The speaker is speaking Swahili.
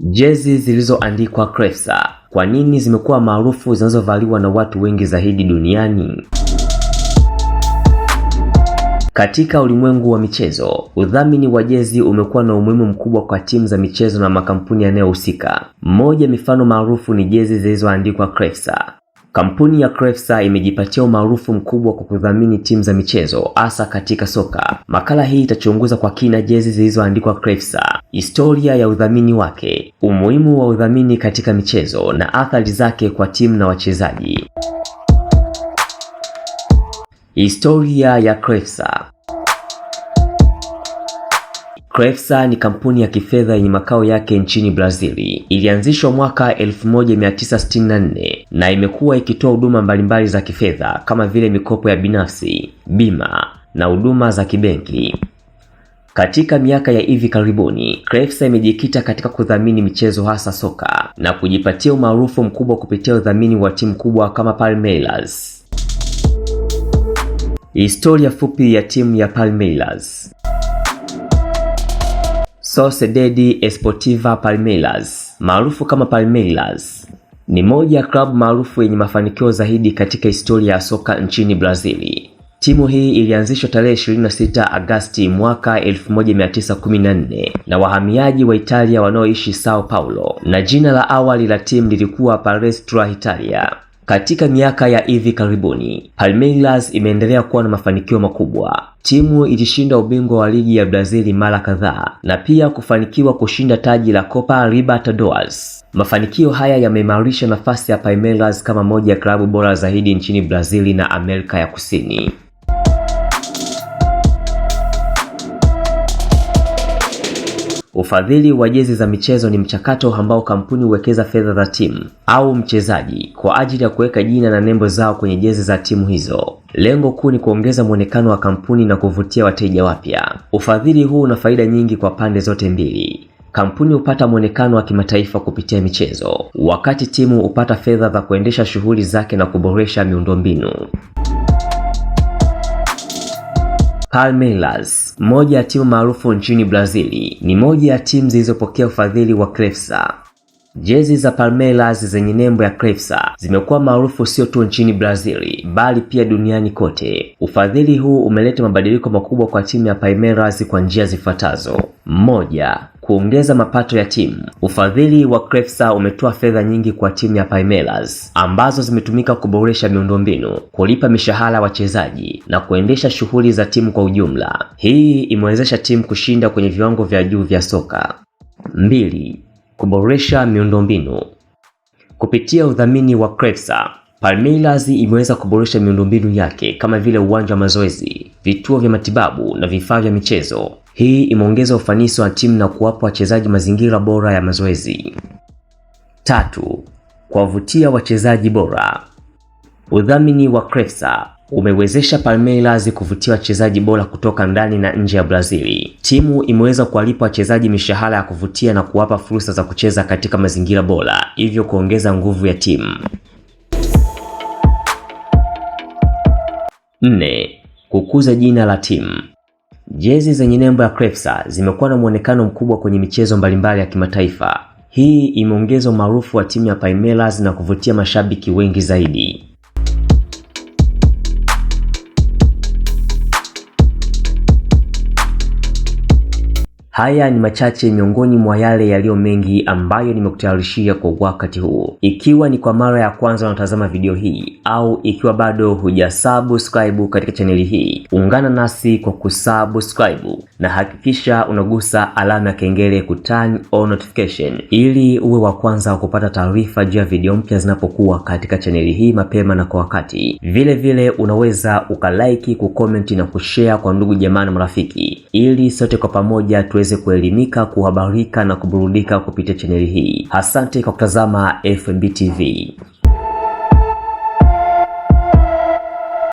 Jezi zilizoandikwa Crefsa kwa nini zimekuwa maarufu zinazovaliwa na watu wengi zaidi duniani? Katika ulimwengu wa michezo, udhamini wa jezi umekuwa na umuhimu mkubwa kwa timu za michezo na makampuni yanayohusika. Moja mifano maarufu ni jezi zilizoandikwa Crefsa. Kampuni ya Crefsa imejipatia umaarufu mkubwa kwa kudhamini timu za michezo hasa katika soka. Makala hii itachunguza kwa kina jezi zilizoandikwa Crefsa historia ya udhamini wake, umuhimu wa udhamini katika michezo na athari zake kwa timu na wachezaji. Historia ya Krefsa. Crefsa ni kampuni ya kifedha yenye makao yake nchini Brazili. Ilianzishwa mwaka 1964 na imekuwa ikitoa huduma mbalimbali za kifedha kama vile mikopo ya binafsi, bima na huduma za kibenki. Katika miaka ya hivi karibuni, crefsa imejikita katika kudhamini michezo hasa soka na kujipatia umaarufu mkubwa kupitia udhamini wa timu kubwa kama Palmeiras. Historia fupi ya timu ya Palmeiras. Sociedad Esportiva Palmeiras, maarufu kama Palmeiras, ni moja ya klabu maarufu yenye mafanikio zaidi katika historia ya soka nchini Brazili. Timu hii ilianzishwa tarehe 26 Agasti mwaka 1914 na wahamiaji wa Italia wanaoishi Sao Paulo, na jina la awali la timu lilikuwa Palestra Italia. Katika miaka ya hivi karibuni, Palmeiras imeendelea kuwa na mafanikio makubwa. Timu ilishinda ubingwa wa ligi ya Brazili mara kadhaa na pia kufanikiwa kushinda taji la Copa Libertadores. Mafanikio haya yameimarisha nafasi ya Palmeiras kama moja ya klabu bora zaidi nchini Brazili na Amerika ya Kusini. Ufadhili wa jezi za michezo ni mchakato ambao kampuni huwekeza fedha za timu au mchezaji kwa ajili ya kuweka jina na nembo zao kwenye jezi za timu hizo. Lengo kuu ni kuongeza mwonekano wa kampuni na kuvutia wateja wapya. Ufadhili huu una faida nyingi kwa pande zote mbili. Kampuni hupata mwonekano wa kimataifa kupitia michezo, wakati timu hupata fedha za kuendesha shughuli zake na kuboresha miundombinu. Palmeiras, moja ya timu maarufu nchini Brazili, ni moja ya timu zilizopokea ufadhili wa Crefsa. Jezi za Palmeiras zenye nembo ya Crefsa zimekuwa maarufu sio tu nchini Brazili bali pia duniani kote. Ufadhili huu umeleta mabadiliko makubwa kwa timu ya Palmeiras kwa njia zifuatazo: moja, kuongeza mapato ya timu. Ufadhili wa Crefsa umetoa fedha nyingi kwa timu ya Palmeiras ambazo zimetumika kuboresha miundombinu, kulipa mishahara wachezaji na kuendesha shughuli za timu kwa ujumla. Hii imewezesha timu kushinda kwenye viwango vya juu vya soka. Mbili, kuboresha miundombinu kupitia udhamini wa Crefsa Palmeiras imeweza kuboresha miundombinu yake kama vile uwanja wa mazoezi, vituo vya matibabu na vifaa vya michezo. Hii imeongeza ufanisi wa timu na kuwapa wachezaji mazingira bora ya mazoezi. Tatu, kuwavutia wachezaji bora. Udhamini wa Crefsa umewezesha Palmeiras kuvutia wachezaji bora kutoka ndani na nje ya Brazili. Timu imeweza kuwalipa wachezaji mishahara ya kuvutia na kuwapa fursa za kucheza katika mazingira bora, hivyo kuongeza nguvu ya timu. Nne, Kukuza jina la timu. Jezi zenye nembo ya crepsa zimekuwa na mwonekano mkubwa kwenye michezo mbalimbali ya kimataifa. Hii imeongeza umaarufu wa timu ya Palmeiras na kuvutia mashabiki wengi zaidi. Haya ni machache miongoni mwa yale yaliyo mengi ambayo nimekutayarishia kwa wakati huu. Ikiwa ni kwa mara ya kwanza unatazama video hii au ikiwa bado hujasubscribe katika chaneli hii, ungana nasi kwa kusubscribe na hakikisha unagusa alama ya kengele ku turn on notification ili uwe wa kwanza wa kupata taarifa juu ya video mpya zinapokuwa katika chaneli hii mapema na kwa wakati. Vile vile unaweza ukalaiki, kukomenti na kushare kwa ndugu jamaa na marafiki ili sote kwa pamoja tuweze kuelimika, kuhabarika na kuburudika kupitia chaneli hii. Asante kwa kutazama FMB TV.